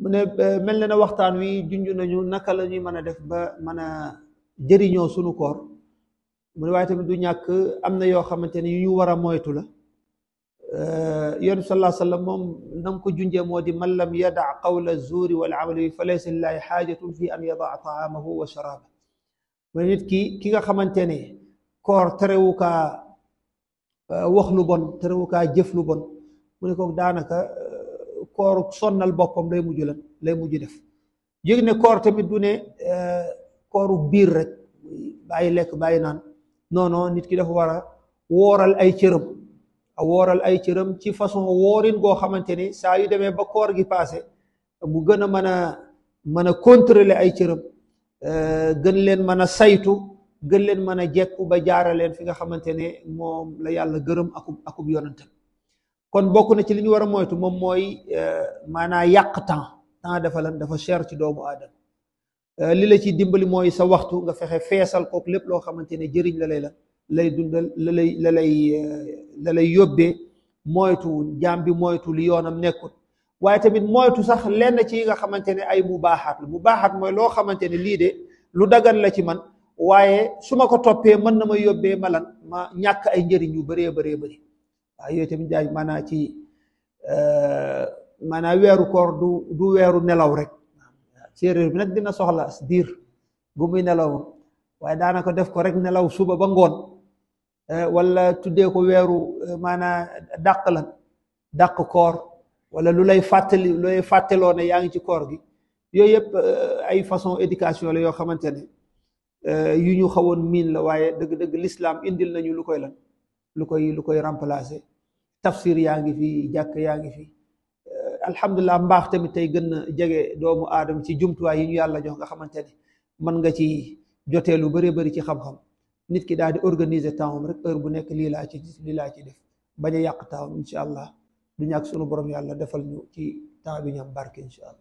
mu ne eh, mel na ne waxtaan wi junj nañu naka la ñuy mën a def ba mën a jëriñoo sunu koor mu ne waaye tamit du ñàkk am na yoo xamante ne yu ñu war a moytu la eh, yoon sallallahu alayhi wa moom na mu junjee moo di man lam yadaa qawla zuuri wal amali bi fa laysa lillahi xaajatun fi an yadaa taamahu wa sharaaba mu nit ki ki nga xamante ne koor terewu kaa eh, wax lu bon terewu kaa jëf lu bon mu ne kooku daanaka kooru sonnal boppam lay mujj lan lay mujj def yëg ne koor tamit du ne eh, kooru biir rek bàyyi lekk bàyyi naan non nit ki dafa war a wooral ay cëram a wooral ay cëram ci façon woorin goo xamante ni saa yu demee ba koor gi paase mu gën a mën a mën a contrôler ay cëram eh, gën leen mën a saytu gën leen mën a jekku ba jaara leen fi nga xamante ne moom la yàlla gërëm akub akub yonantam kon bokku na ci liñu wara moytu mom moy manana yàq temps temps dafa lan dafa cher ci doomu adam li la ci dimbali moy sa waxtu nga fexe fessal kook lépp lo xamante ne jëriñ la lay la lay dundal la lay la lay la lay yobbe moytu jambi moytu li yonam nekkut waye tamit moytu sax lenn ci nga xamante ay mubahat mubahat moy lo loo li de lu dagan la ci man waye suma ko toppee man na ma yobbe malan ma ñak ay njëriñ yu bëré bëré bëré waaye yooyu tamit jaaj maanaa ci eh, maanaa weeru koor du weeru nelaw rek séeréer bi nag dina soxla as diir bu muy nelaw waaye daanaka def ko rek nelaw suba ba ngoon eh, wala tuddee ko weeru eh, maanaa dàq lan dàq koor wala lu lay fàttali lu ne yaa ngi ci koor gi yooyu yëpp ay façon éducation la yoo xamante ne yu ñu xawoon miin la waaye dëgg-dëgg l'islam indil nañu lu koy lan lu koy lu koy remplacer tafsir yaa ngi fi jàkk yaa ngi fi euh, alhamdulilah mbaax tamit tey gën a jege doomu aadama ci jumtuwaay yi ñu yàlla jox nga xamante ni man nga ci jotee lu bëree bëri ci xam-xam nit ki daal di organiser temps rek heure bu nekk lii laa ci lii laa ci def bañ a yàq temps incha allah du ñàkk sunu borom yàlla defal ñu ci temps bi ñam barke incha allah.